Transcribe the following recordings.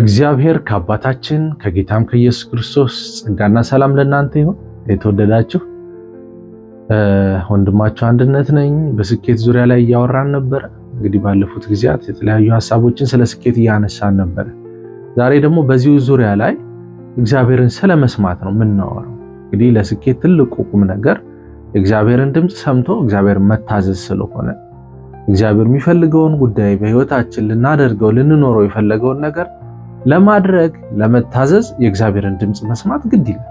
ከእግዚአብሔር ከአባታችን ከጌታም ከኢየሱስ ክርስቶስ ጸጋና ሰላም ለእናንተ ይሁን። የተወደዳችሁ ወንድማችሁ አንድነት ነኝ። በስኬት ዙሪያ ላይ እያወራን ነበረ። እንግዲህ ባለፉት ጊዜያት የተለያዩ ሀሳቦችን ስለ ስኬት እያነሳን ነበረ። ዛሬ ደግሞ በዚሁ ዙሪያ ላይ እግዚአብሔርን ስለመስማት ነው የምናወራው። እንግዲህ ለስኬት ትልቁ ቁም ነገር እግዚአብሔርን ድምፅ ሰምቶ እግዚአብሔር መታዘዝ ስለሆነ እግዚአብሔር የሚፈልገውን ጉዳይ በህይወታችን ልናደርገው ልንኖረው የፈለገውን ነገር ለማድረግ ለመታዘዝ የእግዚአብሔርን ድምፅ መስማት ግድ ይላል።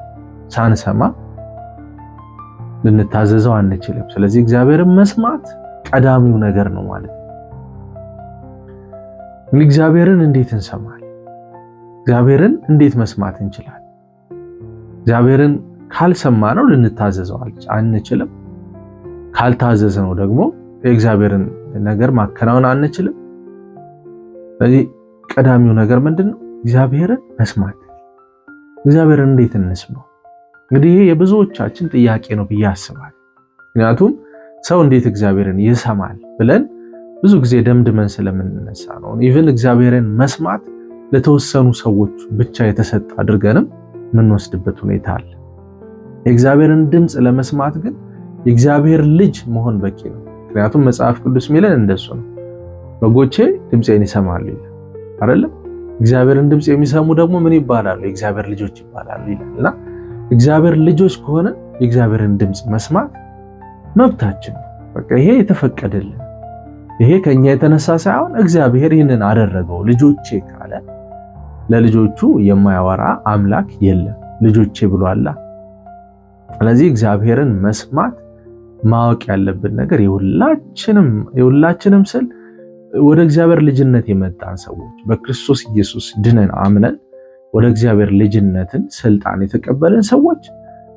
ሳንሰማ ልንታዘዘው አንችልም። ስለዚህ እግዚአብሔርን መስማት ቀዳሚው ነገር ነው ማለት ነው። እግዚአብሔርን እንዴት እንሰማል? እግዚአብሔርን እንዴት መስማት እንችላል? እግዚአብሔርን ካልሰማ ነው ልንታዘዘው አንችልም። ካልታዘዘ ነው ደግሞ የእግዚአብሔርን ነገር ማከናወን አንችልም። ስለዚህ ቀዳሚው ነገር ምንድን ነው? እግዚአብሔርን መስማት። እግዚአብሔርን እንዴት እንስማው? እንግዲህ ይሄ የብዙዎቻችን ጥያቄ ነው ብዬ አስባል ምክንያቱም ሰው እንዴት እግዚአብሔርን ይሰማል ብለን ብዙ ጊዜ ደምድመን ስለምንነሳ ነው። ኢቭን እግዚአብሔርን መስማት ለተወሰኑ ሰዎች ብቻ የተሰጠ አድርገንም የምንወስድበት ሁኔታ አለ። የእግዚአብሔርን ድምፅ ለመስማት ግን የእግዚአብሔር ልጅ መሆን በቂ ነው። ምክንያቱም መጽሐፍ ቅዱስ የሚለን እንደሱ ነው፣ በጎቼ ድምፄን ይሰማሉ ይላል አይደለም? እግዚአብሔርን ድምፅ የሚሰሙ ደግሞ ምን ይባላሉ? የእግዚአብሔር ልጆች ይባላሉ ይላል እና እግዚአብሔር ልጆች ከሆነ የእግዚአብሔርን ድምፅ መስማት መብታችን ነው። በቃ ይሄ የተፈቀደልን ይሄ ከኛ የተነሳ ሳይሆን እግዚአብሔር ይህንን አደረገው። ልጆቼ ካለ ለልጆቹ የማያወራ አምላክ የለም። ልጆቼ ብሏላ። ስለዚህ እግዚአብሔርን መስማት ማወቅ ያለብን ነገር የሁላችንም የሁላችንም ስል ወደ እግዚአብሔር ልጅነት የመጣን ሰዎች በክርስቶስ ኢየሱስ ድነን አምነን ወደ እግዚአብሔር ልጅነትን ስልጣን የተቀበለን ሰዎች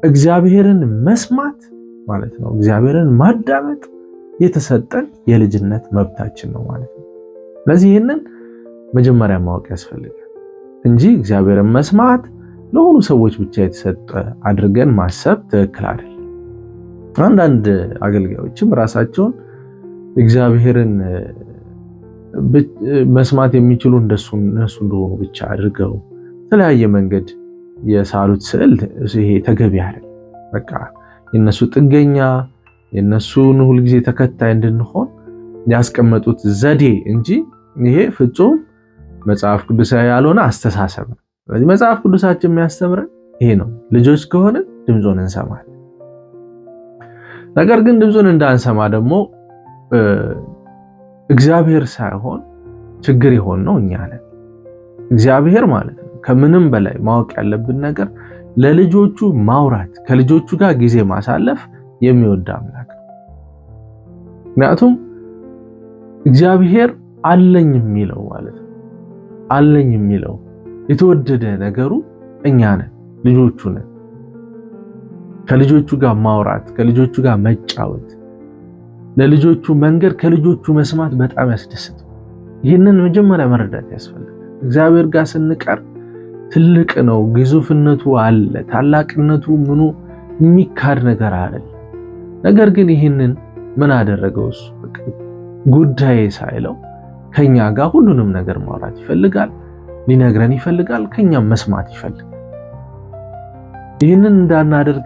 እግዚአብሔርን መስማት ማለት ነው። እግዚአብሔርን ማዳመጥ የተሰጠን የልጅነት መብታችን ነው ማለት ነው። ስለዚህ ይህንን መጀመሪያ ማወቅ ያስፈልጋል እንጂ እግዚአብሔርን መስማት ለሆኑ ሰዎች ብቻ የተሰጠ አድርገን ማሰብ ትክክል አይደል። አንዳንድ አገልጋዮችም ራሳቸውን እግዚአብሔርን መስማት የሚችሉ እንደሱ እነሱ እንደሆኑ ብቻ አድርገው የተለያየ መንገድ የሳሉት ስዕል ይሄ ተገቢ አይደለም። በቃ የነሱ ጥገኛ የነሱን ሁልጊዜ ተከታይ እንድንሆን ያስቀመጡት ዘዴ እንጂ ይሄ ፍጹም መጽሐፍ ቅዱሳዊ ያልሆነ አስተሳሰብ ነው። ስለዚህ መጽሐፍ ቅዱሳችን የሚያስተምረን ይሄ ነው። ልጆች ከሆነ ድምፁን እንሰማለን። ነገር ግን ድምፁን እንዳንሰማ ደግሞ እግዚአብሔር ሳይሆን ችግር የሆን ነው እኛ ነን። እግዚአብሔር ማለት ነው። ከምንም በላይ ማወቅ ያለብን ነገር ለልጆቹ ማውራት፣ ከልጆቹ ጋር ጊዜ ማሳለፍ የሚወድ አምላክ ነው። ምክንያቱም እግዚአብሔር አለኝ የሚለው ማለት ነው። አለኝ የሚለው የተወደደ ነገሩ እኛ ነን፣ ልጆቹ ነን። ከልጆቹ ጋር ማውራት፣ ከልጆቹ ጋር መጫወት ለልጆቹ መንገድ ከልጆቹ መስማት በጣም ያስደስት። ይህንን መጀመሪያ መረዳት ያስፈልጋል። እግዚአብሔር ጋር ስንቀር ትልቅ ነው፣ ግዙፍነቱ አለ፣ ታላቅነቱ ምኑ የሚካድ ነገር አለ። ነገር ግን ይህንን ምን አደረገው? እሱ ጉዳይ ሳይለው ከኛ ጋር ሁሉንም ነገር ማውራት ይፈልጋል፣ ሊነግረን ይፈልጋል፣ ከኛም መስማት ይፈልጋል። ይህንን እንዳናደርግ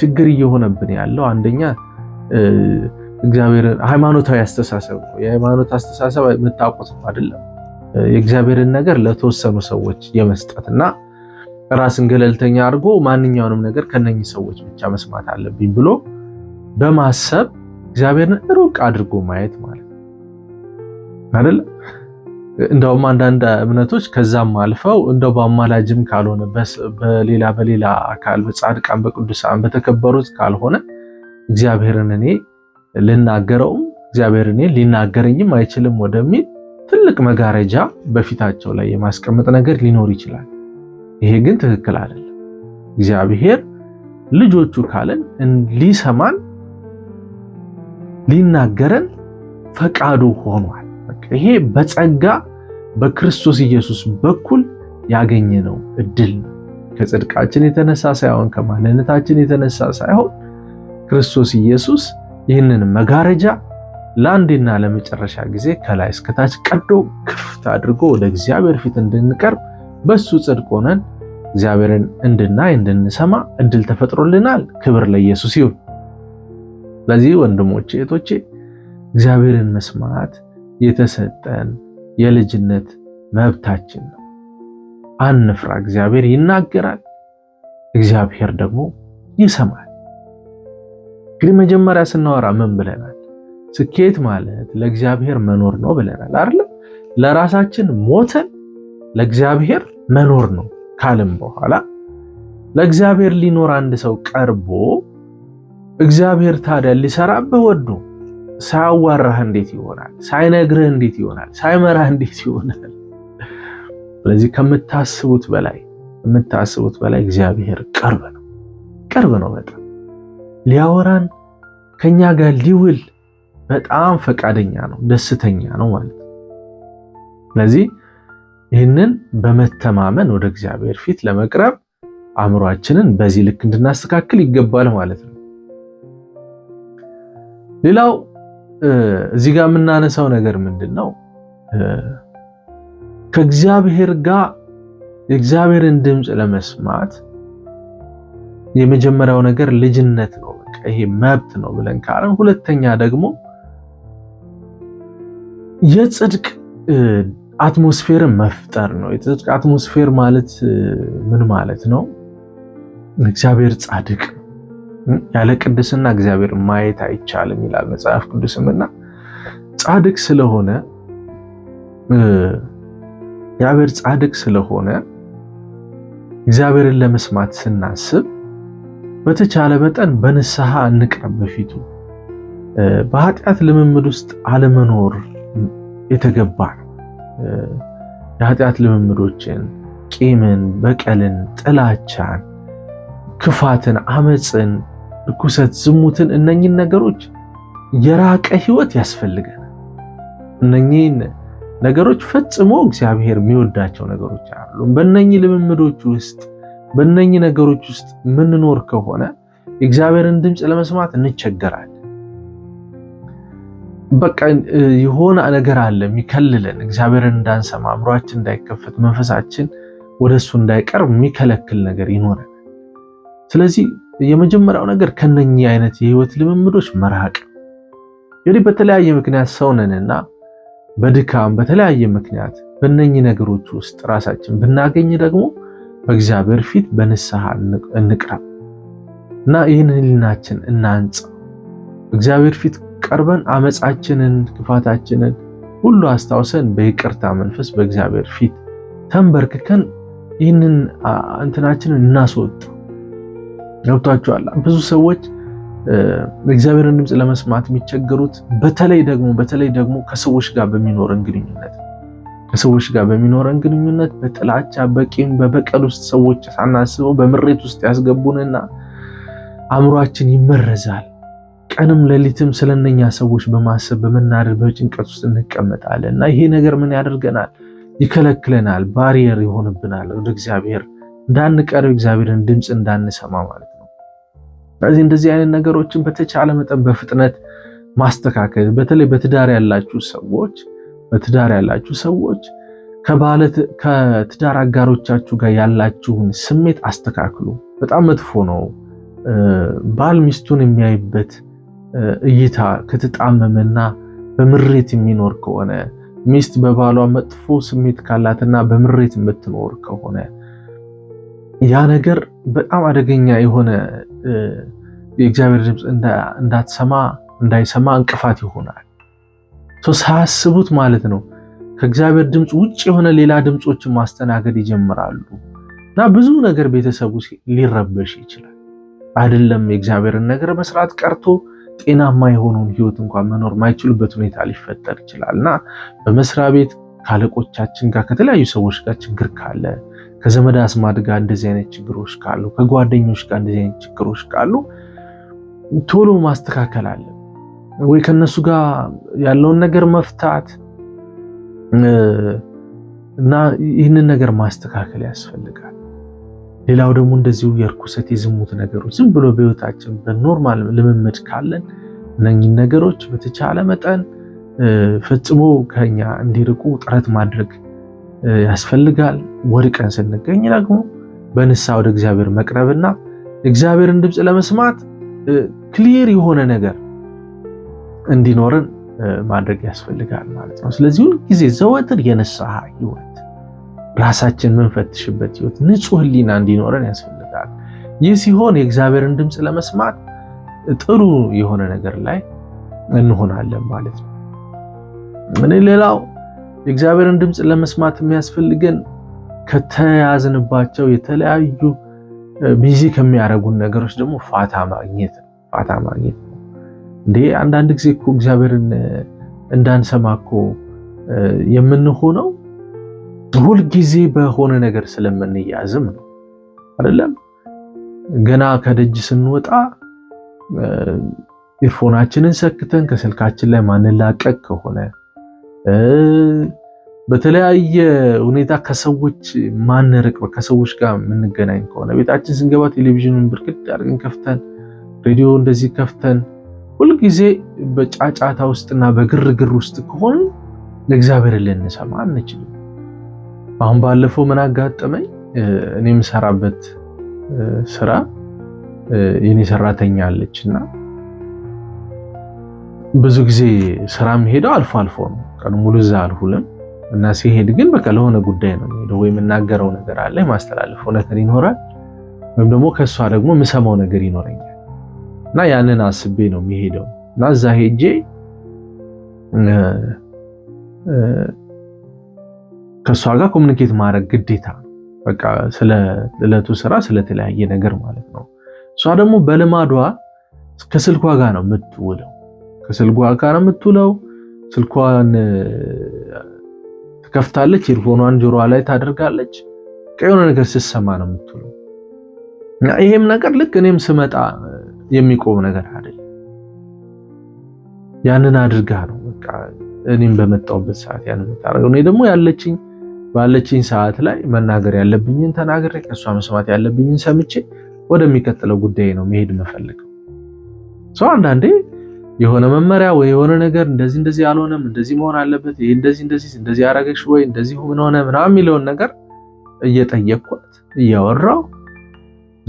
ችግር እየሆነብን ያለው አንደኛ እግዚአብሔር ሃይማኖታዊ አስተሳሰብ ነው። የሃይማኖት አስተሳሰብ የምታውቁት አይደለም። የእግዚአብሔርን ነገር ለተወሰኑ ሰዎች የመስጠት እና ራስን ገለልተኛ አድርጎ ማንኛውንም ነገር ከነኚህ ሰዎች ብቻ መስማት አለብኝ ብሎ በማሰብ እግዚአብሔርን ሩቅ አድርጎ ማየት ማለት ነው እንደውም አንዳንድ እምነቶች ከዛም አልፈው እንደው በአማላጅም ካልሆነ በሌላ በሌላ አካል በጻድቃን በቅዱሳን በተከበሩት ካልሆነ እግዚአብሔርን እኔ ልናገረውም እግዚአብሔር እኔ ሊናገረኝም አይችልም ወደሚል ትልቅ መጋረጃ በፊታቸው ላይ የማስቀመጥ ነገር ሊኖር ይችላል። ይሄ ግን ትክክል አይደለም። እግዚአብሔር ልጆቹ ካለን ሊሰማን ሊናገረን ፈቃዱ ሆኗል። ይሄ በጸጋ በክርስቶስ ኢየሱስ በኩል ያገኘነው እድል ነው። ከጽድቃችን የተነሳ ሳይሆን ከማንነታችን የተነሳ ሳይሆን ክርስቶስ ኢየሱስ ይህንን መጋረጃ ለአንዴና ለመጨረሻ ጊዜ ከላይ እስከታች ቀዶ ክፍት አድርጎ ወደ እግዚአብሔር ፊት እንድንቀርብ በሱ ጽድቅ ሆነን እግዚአብሔርን እንድናይ እንድንሰማ እድል ተፈጥሮልናል። ክብር ለኢየሱስ ይሁን። ስለዚህ ወንድሞቼ እህቶቼ፣ እግዚአብሔርን መስማት የተሰጠን የልጅነት መብታችን ነው። አንፍራ። እግዚአብሔር ይናገራል፣ እግዚአብሔር ደግሞ ይሰማል። እንግዲህ መጀመሪያ ስናወራ ምን ብለናል? ስኬት ማለት ለእግዚአብሔር መኖር ነው ብለናል አይደል? ለራሳችን ሞተን ለእግዚአብሔር መኖር ነው ካልም በኋላ ለእግዚአብሔር ሊኖር አንድ ሰው ቀርቦ እግዚአብሔር ታዲያ ሊሰራብህ ወዶ ሳያዋራህ እንዴት ይሆናል? ሳይነግርህ እንዴት ይሆናል? ሳይመራህ እንዴት ይሆናል? ስለዚህ ከምታስቡት በላይ ከምታስቡት በላይ እግዚአብሔር ቅርብ ነው፣ ቅርብ ነው በጣም ሊያወራን ከኛ ጋር ሊውል በጣም ፈቃደኛ ነው፣ ደስተኛ ነው ማለት ነው። ስለዚህ ይህንን በመተማመን ወደ እግዚአብሔር ፊት ለመቅረብ አእምሯችንን በዚህ ልክ እንድናስተካክል ይገባል ማለት ነው። ሌላው እዚህ ጋር የምናነሳው ነገር ምንድን ነው? ከእግዚአብሔር ጋር የእግዚአብሔርን ድምፅ ለመስማት የመጀመሪያው ነገር ልጅነት ነው። በቃ ይሄ መብት ነው ብለን ካለን፣ ሁለተኛ ደግሞ የጽድቅ አትሞስፌርን መፍጠር ነው። የጽድቅ አትሞስፌር ማለት ምን ማለት ነው? እግዚአብሔር ጻድቅ፣ ያለ ቅድስና እግዚአብሔር ማየት አይቻልም ይላል መጽሐፍ ቅዱስምና ጻድቅ ስለሆነ እግዚአብሔር ጻድቅ ስለሆነ እግዚአብሔርን ለመስማት ስናስብ በተቻለ መጠን በንስሐ እንቅረብ በፊቱ። በኃጢአት ልምምድ ውስጥ አለመኖር የተገባ የኃጢአት ልምምዶችን፣ ቂምን፣ በቀልን፣ ጥላቻን፣ ክፋትን፣ አመፅን፣ ርኩሰት፣ ዝሙትን እነኝን ነገሮች የራቀ ህይወት ያስፈልጋል እነኝን ነገሮች ፈጽሞ እግዚአብሔር የሚወዳቸው ነገሮች አሉ። በእነኚህ ልምምዶች ውስጥ በእነኚህ ነገሮች ውስጥ የምንኖር ከሆነ እግዚአብሔርን ድምፅ ለመስማት እንቸገራለን። በቃ የሆነ ነገር አለ የሚከልለን፣ እግዚአብሔርን እንዳንሰማ፣ አእምሯችን እንዳይከፈት፣ መንፈሳችን ወደሱ እንዳይቀርብ የሚከለክል ነገር ይኖራል። ስለዚህ የመጀመሪያው ነገር ከነኚህ አይነት የህይወት ልምምዶች መራቅ። እንግዲህ በተለያየ ምክንያት ሰው ነንና በድካም በተለያየ ምክንያት በነኚህ ነገሮች ውስጥ ራሳችን ብናገኝ ደግሞ በእግዚአብሔር ፊት በንስሐ እንቅረብ እና ይህን ህሊናችን እናንጻ። እግዚአብሔር ፊት ቀርበን አመፃችንን፣ ክፋታችንን ሁሉ አስታውሰን በይቅርታ መንፈስ በእግዚአብሔር ፊት ተንበርክከን ይህንን እንትናችንን እናስወጡ። ገብቷችኋል? ብዙ ሰዎች እግዚአብሔርን ድምፅ ለመስማት የሚቸገሩት በተለይ ደግሞ በተለይ ደግሞ ከሰዎች ጋር በሚኖረን ግንኙነት ከሰዎች ጋር በሚኖረን ግንኙነት በጥላቻ በቂም በበቀል ውስጥ ሰዎች ሳናስበው በምሬት ውስጥ ያስገቡንና አእምሯችን ይመረዛል። ቀንም ሌሊትም ስለነኛ ሰዎች በማሰብ በመናደር በጭንቀት ውስጥ እንቀመጣለን እና ይሄ ነገር ምን ያደርገናል? ይከለክለናል። ባሪየር ይሆንብናል። ወደ እግዚአብሔር እንዳንቀርብ እግዚአብሔርን ድምፅ እንዳንሰማ ማለት ነው። ስለዚህ እንደዚህ አይነት ነገሮችን በተቻለ መጠን በፍጥነት ማስተካከል በተለይ በትዳር ያላችሁ ሰዎች በትዳር ያላችሁ ሰዎች ከትዳር አጋሮቻችሁ ጋር ያላችሁን ስሜት አስተካክሉ። በጣም መጥፎ ነው። ባል ሚስቱን የሚያይበት እይታ ከተጣመመና በምሬት የሚኖር ከሆነ ሚስት በባሏ መጥፎ ስሜት ካላትና በምሬት የምትኖር ከሆነ ያ ነገር በጣም አደገኛ የሆነ የእግዚአብሔር ድምፅ እንዳትሰማ እንዳይሰማ እንቅፋት ይሆናል። ሰው ሳያስቡት ማለት ነው ከእግዚአብሔር ድምፅ ውጭ የሆነ ሌላ ድምፆችን ማስተናገድ ይጀምራሉ እና ብዙ ነገር ቤተሰቡ ሊረበሽ ይችላል። አይደለም የእግዚአብሔርን ነገር መስራት ቀርቶ ጤናማ የሆነውን ህይወት እንኳን መኖር ማይችሉበት ሁኔታ ሊፈጠር ይችላል እና በመስሪያ ቤት ከአለቆቻችን ጋር ከተለያዩ ሰዎች ጋር ችግር ካለ ከዘመድ አስማድ ጋር እንደዚህ አይነት ችግሮች ካሉ ከጓደኞች ጋር እንደዚህ አይነት ችግሮች ካሉ ቶሎ ማስተካከል አለ ወይ ከነሱ ጋር ያለውን ነገር መፍታት እና ይህንን ነገር ማስተካከል ያስፈልጋል። ሌላው ደግሞ እንደዚሁ የርኩሰት የዝሙት ነገሮች ዝም ብሎ በህይወታችን በኖርማል ልምምድ ካለን እነኚህን ነገሮች በተቻለ መጠን ፈጽሞ ከኛ እንዲርቁ ጥረት ማድረግ ያስፈልጋል። ወድቀን ስንገኝ ደግሞ በንሳ ወደ እግዚአብሔር መቅረብና እግዚአብሔርን ድምፅ ለመስማት ክሊር የሆነ ነገር እንዲኖርን ማድረግ ያስፈልጋል ማለት ነው። ስለዚህ ሁልጊዜ ዘወትር የንስሐ ህይወት ራሳችን የምንፈትሽበት ህይወት፣ ንጹህ ህሊና እንዲኖረን ያስፈልጋል። ይህ ሲሆን የእግዚአብሔርን ድምፅ ለመስማት ጥሩ የሆነ ነገር ላይ እንሆናለን ማለት ነው። ምን ሌላው የእግዚአብሔርን ድምፅ ለመስማት የሚያስፈልገን ከተያዝንባቸው የተለያዩ ቢዚ ከሚያደርጉን ነገሮች ደግሞ ፋታ ማግኘት ፋታ ማግኘት እንዴ አንዳንድ ጊዜ እኮ እግዚአብሔርን እንዳንሰማ እኮ የምንሆነው ሁልጊዜ በሆነ ነገር ስለምንያዝም ነው አይደለም? ገና ከደጅ ስንወጣ ኢርፎናችንን ሰክተን ከስልካችን ላይ ማንላቀቅ ከሆነ በተለያየ ሁኔታ ከሰዎች ማንርቅ ከሰዎች ጋር የምንገናኝ ከሆነ ቤታችን ስንገባ ቴሌቪዥኑን ብርግድ አድርገን ከፍተን ሬዲዮ እንደዚህ ከፍተን ሁልጊዜ በጫጫታ ውስጥና በግርግር ውስጥ ከሆን ለእግዚአብሔር ልንሰማ አንችልም። አሁን ባለፈው ምን አጋጠመኝ? እኔ የምሰራበት ስራ የኔ ሰራተኛ አለች እና ብዙ ጊዜ ስራ የምሄደው አልፎ አልፎ ነው። ቀኑ ሙሉ እዛ አልሁልም እና ሲሄድ ግን በቃ ለሆነ ጉዳይ ነው የምሄደው። ወይ የምናገረው ነገር አለ፣ የማስተላለፈው ነገር ይኖራል፣ ወይም ደግሞ ከእሷ ደግሞ የምሰማው ነገር ይኖረኛል እና ያንን አስቤ ነው የሚሄደው እና እዛ ሄጄ ከእሷ ጋር ኮሚኒኬት ማድረግ ግዴታ በቃ ስለ ዕለቱ ስራ ስለተለያየ ነገር ማለት ነው። እሷ ደግሞ በልማዷ ከስልኳ ጋር ነው የምትውለው፣ ከስልኳ ጋር ነው የምትውለው። ስልኳን ትከፍታለች፣ ኤርፎኗን ጆሮዋ ላይ ታደርጋለች። ቀይ የሆነ ነገር ስትሰማ ነው የምትውለው። ይሄም ነገር ልክ እኔም ስመጣ የሚቆም ነገር አይደለም። ያንን አድርጋ ነው በቃ እኔም በመጣውበት ሰዓት ያን ታረገው። እኔ ደግሞ ያለችኝ ባለችኝ ሰዓት ላይ መናገር ያለብኝን ተናግሬ ከእሷ መስማት ያለብኝን ሰምቼ ወደሚቀጥለው ጉዳይ ነው መሄድ የምፈልገው። ሰው አንዳንዴ የሆነ መመሪያ ወይ የሆነ ነገር እንደዚህ እንደዚህ አልሆነም፣ እንደዚህ መሆን አለበት፣ ይሄ እንደዚህ እንደዚህ እንደዚህ አረገሽ ወይ እንደዚህ ምን ሆነ ምናምን የሚለውን ነገር እየጠየቅኳት እያወራው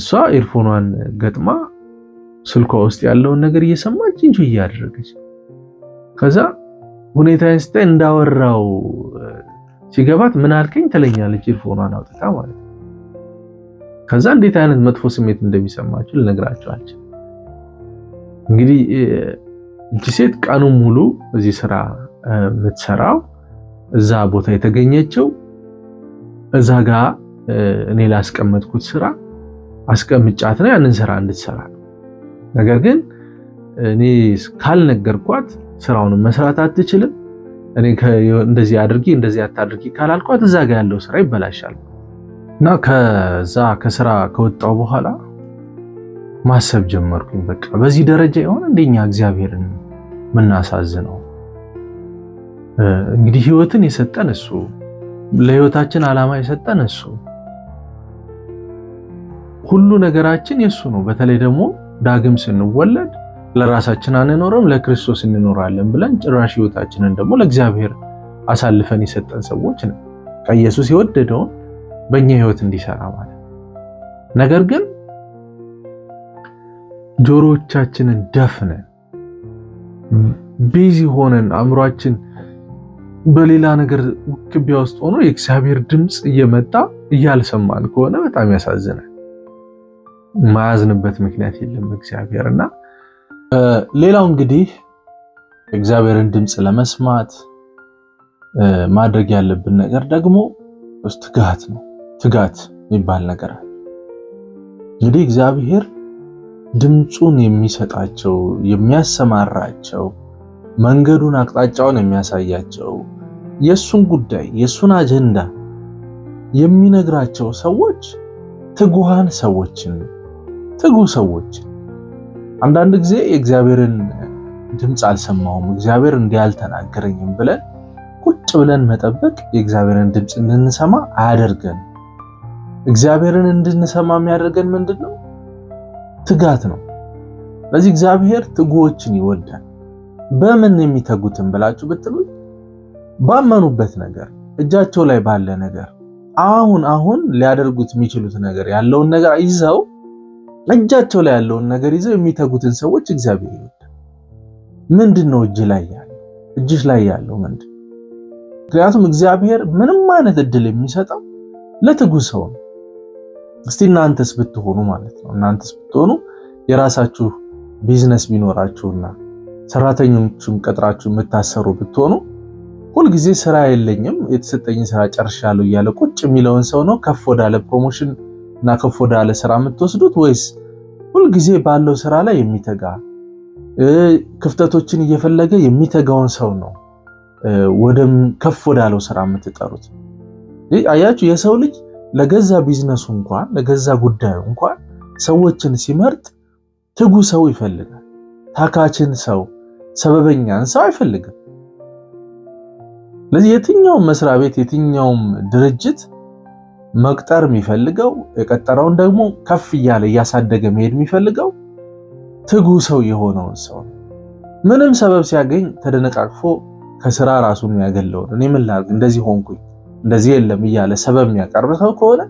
እሷ ኤርፎኗን ገጥማ ስልኳ ውስጥ ያለውን ነገር እየሰማች እንጂ እያደረገች ከዛ ሁኔታ ስታይ እንዳወራው ሲገባት ምን አልከኝ ትለኛለች፣ ኢርፎኗን አውጥታ ማለት ነው። ከዛ እንዴት አይነት መጥፎ ስሜት እንደሚሰማችሁ ልነግራችሁ አልችልም። እንግዲህ እቺ ሴት ቀኑን ሙሉ እዚህ ስራ የምትሰራው እዛ ቦታ የተገኘችው እዛ ጋ እኔ ላስቀመጥኩት ስራ አስቀምጫት ነው ያንን ስራ እንድትሰራ ነገር ግን እኔ ካልነገርኳት ስራውንም መስራት አትችልም። እኔ እንደዚህ አድርጊ እንደዚህ አታድርጊ ካላልኳት እዛ ጋር ያለው ስራ ይበላሻል። እና ከዛ ከስራ ከወጣው በኋላ ማሰብ ጀመርኩኝ። በቃ በዚህ ደረጃ የሆነ እንደኛ እግዚአብሔርን የምናሳዝነው እንግዲህ ህይወትን የሰጠን እሱ፣ ለህይወታችን አላማ የሰጠን እሱ፣ ሁሉ ነገራችን የእሱ ነው። በተለይ ደግሞ ዳግም ስንወለድ ለራሳችን አንኖርም፣ ለክርስቶስ እንኖራለን ብለን ጭራሽ ህይወታችንን ደግሞ ለእግዚአብሔር አሳልፈን የሰጠን ሰዎች ነው። ከኢየሱስ የወደደውን በእኛ ህይወት እንዲሰራ ማለት ነገር ግን ጆሮዎቻችንን ደፍነን ቢዚ ሆነን አእምሯችን በሌላ ነገር ውክቢያ ውስጥ ሆኖ የእግዚአብሔር ድምፅ እየመጣ እያልሰማን ከሆነ በጣም ያሳዝናል። ማያዝንበት ምክንያት የለም እግዚአብሔር እና ሌላው እንግዲህ እግዚአብሔርን ድምፅ ለመስማት ማድረግ ያለብን ነገር ደግሞ ትጋት ነው። ትጋት የሚባል ነገር እንግዲህ እግዚአብሔር ድምፁን የሚሰጣቸው የሚያሰማራቸው፣ መንገዱን አቅጣጫውን የሚያሳያቸው፣ የእሱን ጉዳይ የእሱን አጀንዳ የሚነግራቸው ሰዎች ትጉሃን ሰዎችን ትጉ ሰዎች። አንዳንድ ጊዜ የእግዚአብሔርን ድምፅ አልሰማሁም፣ እግዚአብሔር እንዲህ አልተናገረኝም ብለን ቁጭ ብለን መጠበቅ የእግዚአብሔርን ድምፅ እንድንሰማ አያደርገን። እግዚአብሔርን እንድንሰማ የሚያደርገን ምንድን ነው? ትጋት ነው። ለዚህ እግዚአብሔር ትጉዎችን ይወዳል። በምን የሚተጉትን ብላችሁ ብትሉ ባመኑበት ነገር፣ እጃቸው ላይ ባለ ነገር፣ አሁን አሁን ሊያደርጉት የሚችሉት ነገር ያለውን ነገር ይዘው እጃቸው ላይ ያለውን ነገር ይዘው የሚተጉትን ሰዎች እግዚአብሔር ይወዳል። ምንድን ነው እጅ ላይ ያለው? እጅሽ ላይ ያለው ምንድን ምክንያቱም እግዚአብሔር ምንም አይነት እድል የሚሰጠው ለትጉ ሰው ነው። እስቲ እናንተስ ብትሆኑ ማለት ነው እናንተስ ብትሆኑ የራሳችሁ ቢዝነስ ቢኖራችሁና ሰራተኞችም ቀጥራችሁ የምታሰሩ ብትሆኑ ሁልጊዜ ስራ የለኝም የተሰጠኝ ስራ ጨርሻለሁ እያለ ቁጭ የሚለውን ሰው ነው ከፍ ወዳለ ፕሮሞሽን እና ከፍ ወዳለ ስራ የምትወስዱት ወይስ ሁልጊዜ ባለው ስራ ላይ የሚተጋ ክፍተቶችን እየፈለገ የሚተጋውን ሰው ነው ወደ ከፍ ወዳለው ስራ የምትጠሩት? አያችሁ፣ የሰው ልጅ ለገዛ ቢዝነሱ እንኳን ለገዛ ጉዳዩ እንኳን ሰዎችን ሲመርጥ ትጉ ሰው ይፈልጋል። ታካችን ሰው፣ ሰበበኛን ሰው አይፈልግም። ለዚህ የትኛውም መስሪያ ቤት የትኛውም ድርጅት መቅጠር የሚፈልገው የቀጠረውን ደግሞ ከፍ እያለ እያሳደገ መሄድ የሚፈልገው ትጉ ሰው የሆነውን ሰው ምንም ሰበብ ሲያገኝ ተደነቃቅፎ ከስራ ራሱን የሚያገለውን እኔ ምን ላድርግ እንደዚህ ሆንኩኝ እንደዚህ የለም እያለ ሰበብ የሚያቀርብ ሰው ከሆነ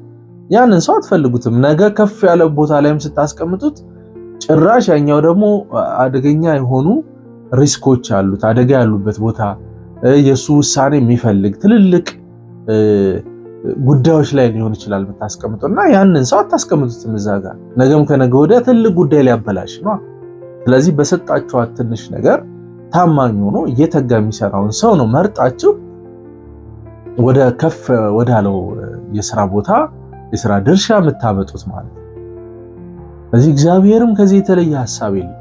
ያንን ሰው አትፈልጉትም። ነገ ከፍ ያለ ቦታ ላይም ስታስቀምጡት ጭራሽ ያኛው ደግሞ አደገኛ የሆኑ ሪስኮች አሉት። አደጋ ያሉበት ቦታ የእሱ ውሳኔ የሚፈልግ ትልልቅ ጉዳዮች ላይ ሊሆን ይችላል የምታስቀምጠው እና ያንን ሰው አታስቀምጡትም እዛ ጋር ነገም ከነገ ወዲያ ትልቅ ጉዳይ ሊያበላሽ ነው። ስለዚህ በሰጣችኋት ትንሽ ነገር ታማኝ ሆኖ እየተጋ የሚሰራውን ሰው ነው መርጣችሁ ወደ ከፍ ወዳለው የስራ ቦታ የስራ ድርሻ የምታመጡት ማለት ነው። ስለዚህ እግዚአብሔርም ከዚህ የተለየ ሀሳብ የለው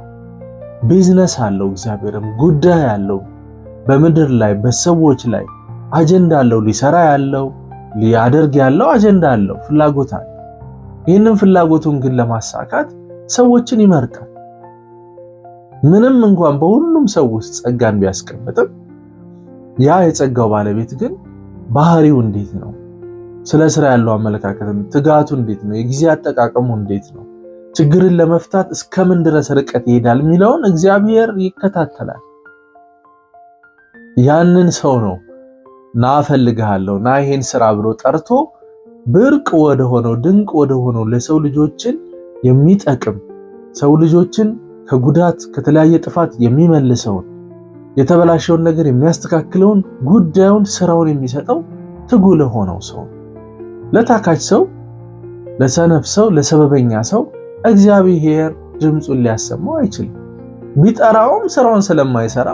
ቢዝነስ አለው፣ እግዚአብሔርም ጉዳይ አለው። በምድር ላይ በሰዎች ላይ አጀንዳ አለው ሊሰራ ያለው ሊያደርግ ያለው አጀንዳ አለው፣ ፍላጎት አለ። ይህንን ፍላጎቱን ግን ለማሳካት ሰዎችን ይመርጣል። ምንም እንኳን በሁሉም ሰው ውስጥ ጸጋን ቢያስቀምጥም ያ የጸጋው ባለቤት ግን ባህሪው እንዴት ነው? ስለ ስራ ያለው አመለካከት፣ ትጋቱ እንዴት ነው? የጊዜ አጠቃቀሙ እንዴት ነው? ችግርን ለመፍታት እስከምን ድረስ ርቀት ይሄዳል የሚለውን እግዚአብሔር ይከታተላል። ያንን ሰው ነው ና እፈልግሃለሁ ና ይሄን ስራ ብሎ ጠርቶ ብርቅ ወደ ሆነው ድንቅ ወደ ሆነው ለሰው ልጆችን የሚጠቅም ሰው ልጆችን ከጉዳት ከተለያየ ጥፋት የሚመልሰውን የተበላሸውን ነገር የሚያስተካክለውን ጉዳዩን ስራውን የሚሰጠው ትጉ ለሆነው ሰው ለታካች ሰው ለሰነፍ ሰው ለሰበበኛ ሰው እግዚአብሔር ድምፁን ሊያሰማው አይችልም። ቢጠራውም ስራውን ስለማይሰራ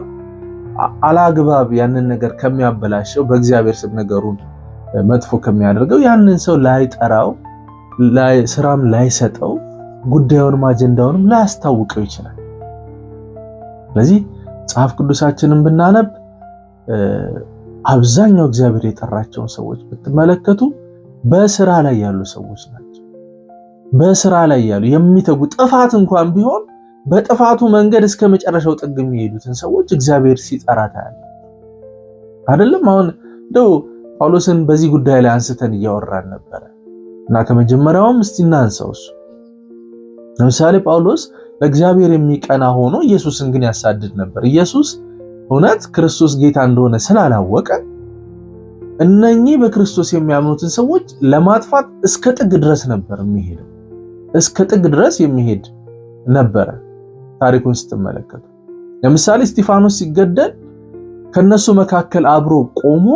አላግባብ ያንን ነገር ከሚያበላሸው በእግዚአብሔር ስም ነገሩን መጥፎ ከሚያደርገው ያንን ሰው ላይጠራው፣ ስራም ላይሰጠው፣ ጉዳዩንም አጀንዳውንም ላያስታውቀው ይችላል። ስለዚህ መጽሐፍ ቅዱሳችንን ብናነብ አብዛኛው እግዚአብሔር የጠራቸውን ሰዎች ብትመለከቱ በስራ ላይ ያሉ ሰዎች ናቸው። በስራ ላይ ያሉ የሚተጉ ጥፋት እንኳን ቢሆን በጥፋቱ መንገድ እስከ መጨረሻው ጥግ የሚሄዱትን ሰዎች እግዚአብሔር ሲጠራ ታያለ። አይደለም አሁን እንደው ጳውሎስን በዚህ ጉዳይ ላይ አንስተን እያወራን ነበረ እና ከመጀመሪያውም እስቲ እናንሳው። እሱ ለምሳሌ ጳውሎስ ለእግዚአብሔር የሚቀና ሆኖ ኢየሱስን ግን ያሳድድ ነበር። ኢየሱስ እውነት ክርስቶስ ጌታ እንደሆነ ስላላወቀ እነኚህ በክርስቶስ የሚያምኑትን ሰዎች ለማጥፋት እስከ ጥግ ድረስ ነበር የሚሄድ እስከ ጥግ ድረስ የሚሄድ ነበረ። ታሪኩን ስትመለከቱ ለምሳሌ እስጢፋኖስ ሲገደል ከነሱ መካከል አብሮ ቆሞ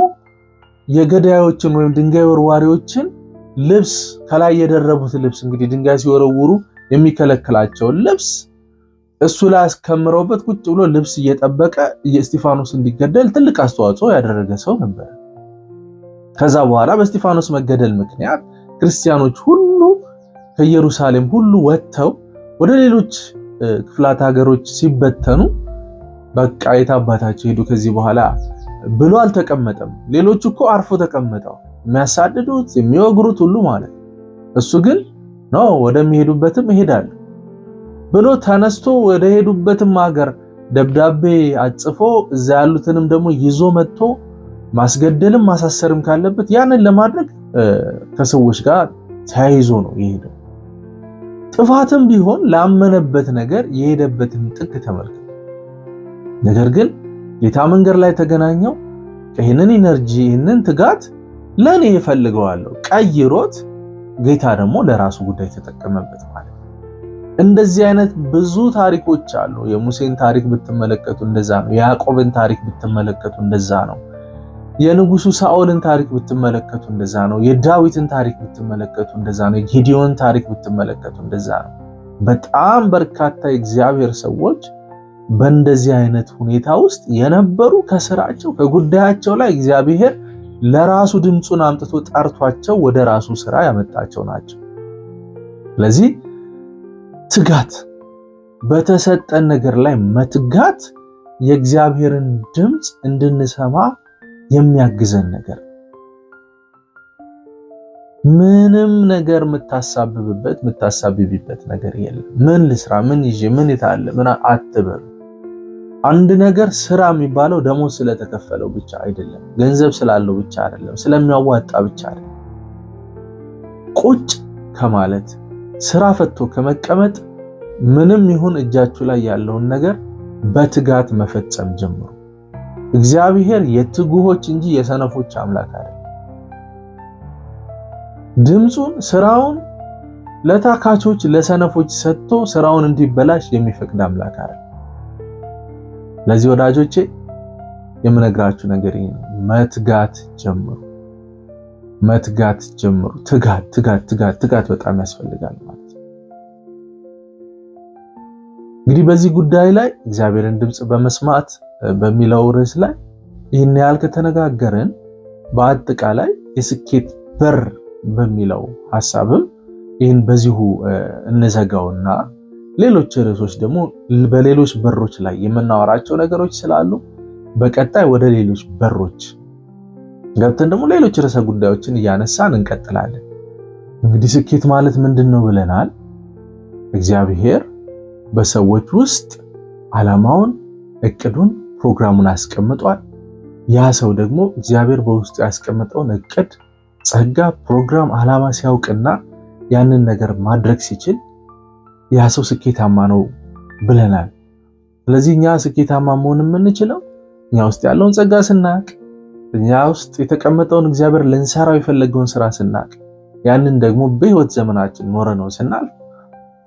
የገዳዮችን ወይም ድንጋይ ወርዋሪዎችን ልብስ ከላይ የደረቡት ልብስ እንግዲህ ድንጋይ ሲወረውሩ የሚከለክላቸውን ልብስ እሱ ላይ አስከምረውበት ቁጭ ብሎ ልብስ እየጠበቀ እስጢፋኖስ እንዲገደል ትልቅ አስተዋጽኦ ያደረገ ሰው ነበር። ከዛ በኋላ በእስጢፋኖስ መገደል ምክንያት ክርስቲያኖች ሁሉ ከኢየሩሳሌም ሁሉ ወጥተው ወደ ሌሎች ክፍላት ሀገሮች ሲበተኑ በቃ የት አባታቸው ሄዱ ከዚህ በኋላ ብሎ አልተቀመጠም። ሌሎች እኮ አርፎ ተቀመጠው የሚያሳድዱት የሚወግሩት ሁሉ ማለት እሱ ግን ኖ ወደሚሄዱበትም እሄዳለሁ ብሎ ተነስቶ ወደ ሄዱበትም ሀገር ደብዳቤ አጽፎ እዛ ያሉትንም ደግሞ ይዞ መጥቶ ማስገደልም ማሳሰርም ካለበት ያንን ለማድረግ ከሰዎች ጋር ተያይዞ ነው ይሄ ጥፋትም ቢሆን ላመነበት ነገር የሄደበትን ጥግ ተመልከት። ነገር ግን ጌታ መንገድ ላይ ተገናኘው። ይህንን ኢነርጂ ይህንን ትጋት ለእኔ እፈልገዋለሁ ቀይሮት፣ ጌታ ደግሞ ለራሱ ጉዳይ ተጠቀመበት ማለት ነው። እንደዚህ አይነት ብዙ ታሪኮች አሉ። የሙሴን ታሪክ ብትመለከቱ እንደዛ ነው። የያዕቆብን ታሪክ ብትመለከቱ እንደዛ ነው። የንጉሱ ሳኦልን ታሪክ ብትመለከቱ እንደዛ ነው። የዳዊትን ታሪክ ብትመለከቱ እንደዛ ነው። የጌዲዮን ታሪክ ብትመለከቱ እንደዛ ነው። በጣም በርካታ የእግዚአብሔር ሰዎች በእንደዚህ አይነት ሁኔታ ውስጥ የነበሩ ከስራቸው ከጉዳያቸው ላይ እግዚአብሔር ለራሱ ድምፁን አምጥቶ ጠርቷቸው ወደ ራሱ ስራ ያመጣቸው ናቸው። ስለዚህ ትጋት፣ በተሰጠን ነገር ላይ መትጋት የእግዚአብሔርን ድምፅ እንድንሰማ የሚያግዘን ነገር ምንም ነገር የምታሳብብበት የምታሳብቢበት ነገር የለም። ምን ልስራ፣ ምን ይዤ፣ ምን የታለ፣ ምን አትበሉ። አንድ ነገር ስራ የሚባለው ደሞ ስለተከፈለው ብቻ አይደለም፣ ገንዘብ ስላለው ብቻ አይደለም፣ ስለሚያዋጣ ብቻ አይደለም። ቁጭ ከማለት ስራ ፈቶ ከመቀመጥ ምንም ይሁን እጃችሁ ላይ ያለውን ነገር በትጋት መፈጸም ጀምሩ። እግዚአብሔር የትጉሆች እንጂ የሰነፎች አምላክ አይደለም። ድምፁን ስራውን ለታካቾች ለሰነፎች ሰጥቶ ስራውን እንዲበላሽ የሚፈቅድ አምላክ አይደለም። ለዚህ ወዳጆቼ የምነግራችሁ ነገር ይሄ ነው። መትጋት ጀምሩ፣ መትጋት ጀምሩ። ትጋት ትጋት ትጋት ትጋት በጣም ያስፈልጋል ማለት እንግዲህ በዚህ ጉዳይ ላይ እግዚአብሔርን ድምፅ በመስማት በሚለው ርዕስ ላይ ይህን ያህል ከተነጋገርን በአጠቃላይ የስኬት በር በሚለው ሀሳብም ይህን በዚሁ እንዘጋውና ሌሎች ርዕሶች ደግሞ በሌሎች በሮች ላይ የምናወራቸው ነገሮች ስላሉ በቀጣይ ወደ ሌሎች በሮች ገብተን ደግሞ ሌሎች ርዕሰ ጉዳዮችን እያነሳን እንቀጥላለን። እንግዲህ ስኬት ማለት ምንድን ነው ብለናል። እግዚአብሔር በሰዎች ውስጥ ዓላማውን፣ እቅዱን፣ ፕሮግራሙን አስቀምጧል። ያ ሰው ደግሞ እግዚአብሔር በውስጡ ያስቀመጠውን እቅድ፣ ጸጋ፣ ፕሮግራም፣ ዓላማ ሲያውቅና ያንን ነገር ማድረግ ሲችል ያ ሰው ስኬታማ ነው ብለናል። ስለዚህ እኛ ስኬታማ መሆን የምንችለው እኛ ውስጥ ያለውን ጸጋ ስናቅ፣ እኛ ውስጥ የተቀመጠውን እግዚአብሔር ልንሰራው የፈለገውን ስራ ስናቅ፣ ያንን ደግሞ በህይወት ዘመናችን ኖረ ነው ስናልፍ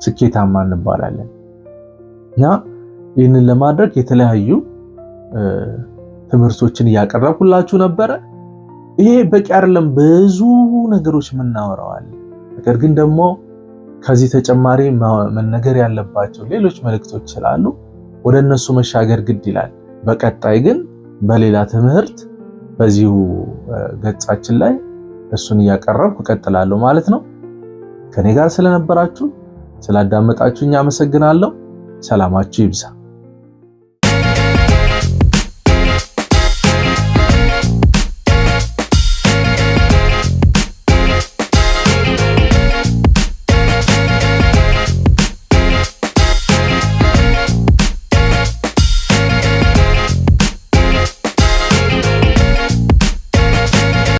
ስኬታማ እንባላለን። እና ይህንን ለማድረግ የተለያዩ ትምህርቶችን እያቀረብኩላችሁ ነበረ። ይሄ በቂ አይደለም፣ ብዙ ነገሮች ምናወረዋል። ነገር ግን ደግሞ ከዚህ ተጨማሪ መነገር ያለባቸው ሌሎች መልእክቶች ስላሉ ወደ እነሱ መሻገር ግድ ይላል። በቀጣይ ግን በሌላ ትምህርት በዚሁ ገጻችን ላይ እሱን እያቀረብኩ እቀጥላለሁ ማለት ነው። ከኔ ጋር ስለነበራችሁ ስላዳመጣችሁኝ አመሰግናለሁ። ሰላማችሁ ይብዛ።